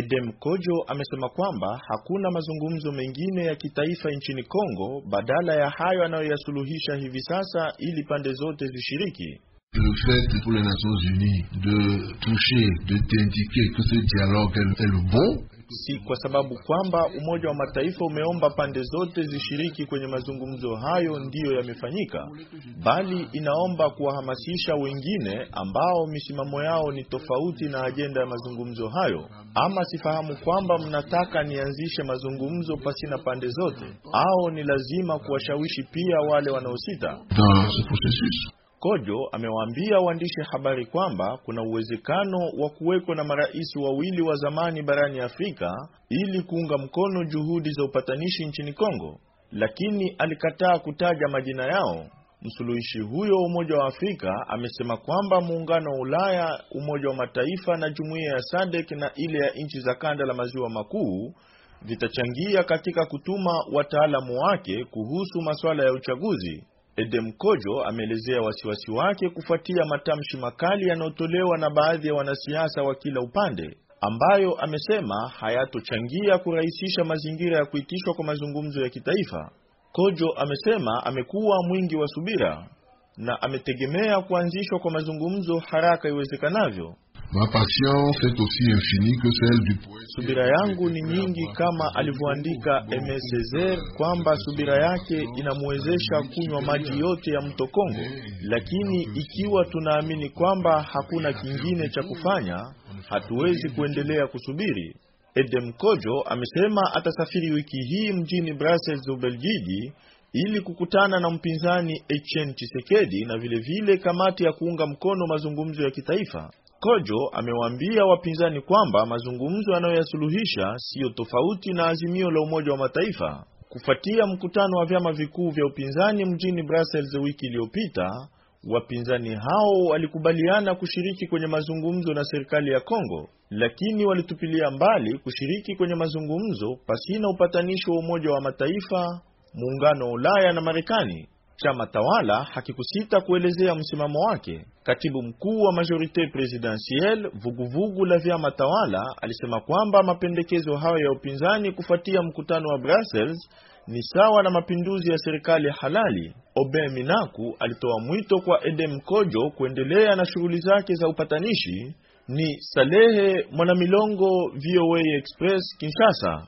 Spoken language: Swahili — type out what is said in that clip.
Edem Kojo amesema kwamba hakuna mazungumzo mengine ya kitaifa nchini Kongo badala ya hayo anayoyasuluhisha hivi sasa ili pande zote zishiriki. Le fait pour les Nations Unies de toucher, de t'indiquer que ce dialogue est le bon si kwa sababu kwamba Umoja wa Mataifa umeomba pande zote zishiriki kwenye mazungumzo hayo ndiyo yamefanyika, bali inaomba kuwahamasisha wengine ambao misimamo yao ni tofauti na ajenda ya mazungumzo hayo. Ama sifahamu kwamba mnataka nianzishe mazungumzo pasina pande zote, au ni lazima kuwashawishi pia wale wanaosita kojo amewaambia waandishi habari kwamba kuna uwezekano wa kuwekwa na marais wawili wa zamani barani Afrika ili kuunga mkono juhudi za upatanishi nchini Kongo, lakini alikataa kutaja majina yao. Msuluhishi huyo wa Umoja wa Afrika amesema kwamba muungano wa Ulaya, Umoja wa Mataifa na jumuiya ya SADC na ile ya nchi za kanda la maziwa makuu vitachangia katika kutuma wataalamu wake kuhusu masuala ya uchaguzi. Edem Kojo ameelezea wasiwasi wake kufuatia matamshi makali yanayotolewa na baadhi ya wanasiasa wa kila upande ambayo amesema hayatochangia kurahisisha mazingira ya kuitishwa kwa mazungumzo ya kitaifa. Kojo amesema amekuwa mwingi wa subira na ametegemea kuanzishwa kwa mazungumzo haraka iwezekanavyo ma est aussi infinie celle du Subira yangu ni nyingi kama alivyoandika Aimé Césaire kwamba subira yake inamwezesha kunywa maji yote ya mto Kongo, eh, eh, lakini eh, ikiwa tunaamini kwamba hakuna kingine cha kufanya, hatuwezi kuendelea kusubiri. Edem Kojo amesema atasafiri wiki hii mjini Brussels, Ubelgiji ili kukutana na mpinzani Etienne Tshisekedi na vilevile vile kamati ya kuunga mkono mazungumzo ya kitaifa. Kojo amewaambia wapinzani kwamba mazungumzo yanayoyasuluhisha siyo tofauti na azimio la Umoja wa Mataifa. Kufuatia mkutano wa vyama vikuu vya upinzani mjini Brussels wiki iliyopita, wapinzani hao walikubaliana kushiriki kwenye mazungumzo na serikali ya Kongo, lakini walitupilia mbali kushiriki kwenye mazungumzo pasina upatanishi wa Umoja wa Mataifa, Muungano wa Ulaya na Marekani. Chama tawala hakikusita kuelezea msimamo wake. Katibu mkuu wa Majorite Presidentielle, vuguvugu la vyama tawala, alisema kwamba mapendekezo hayo ya upinzani kufuatia mkutano wa Brussels ni sawa na mapinduzi ya serikali halali. Obe Minaku alitoa mwito kwa Edem Kojo kuendelea na shughuli zake za upatanishi. Ni Salehe Mwanamilongo, VOA Express, Kinshasa.